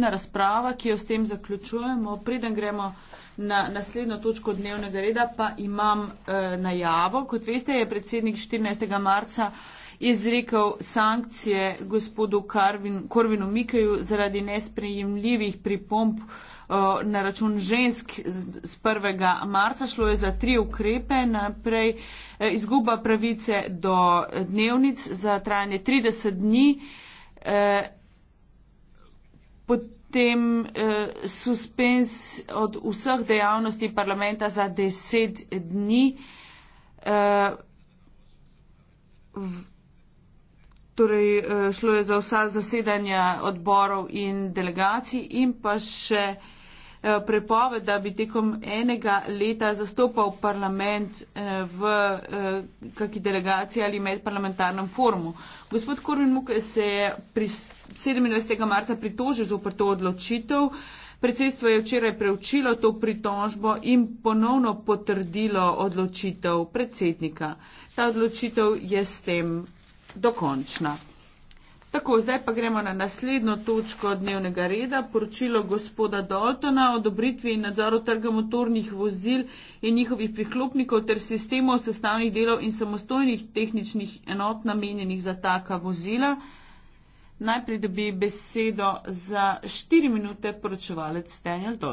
pomembna razprava, ki jo s tem zaključujemo. Preden gremo na naslednjo točko dnevnega reda, pa imam eh, najavo. Kot veste, je predsednik 14. marca izrekel sankcije gospodu Karvin, Korvinu Mikaju zaradi nesprejemljivih pripomp eh, na račun žensk z 1. marca šlo je za tri ukrepe. Naprej eh, izguba pravice do eh, dnevnic za trajanje 30 dni, potem eh, suspens od vseh dejavnosti parlamenta za deset dni. Eh, v, torej, eh, šlo je za vsa zasedanja odborov in delegacij in pa še eh, Eh, prepoved, da bi tekom enega leta zastopal parlament eh, v eh, kakšni delegaciji ali medparlamentarnem forumu. Gospod Korvin Muke se je 27. marca pritožil z oprto odločitev. Predsedstvo je včeraj preučilo to pritožbo in ponovno potrdilo odločitev predsednika. Ta odločitev je s tem dokončna. Tako, zdaj pa gremo na naslednjo točko dnevnega reda, poročilo gospoda Daltona o dobritvi in nadzoru trga motornih vozil in njihovih priklopnikov ter sistemov sestavnih delov in samostojnih tehničnih enot namenjenih za taka vozila. Najprej dobi besedo za 4 minute poročevalec Daniel Dalton.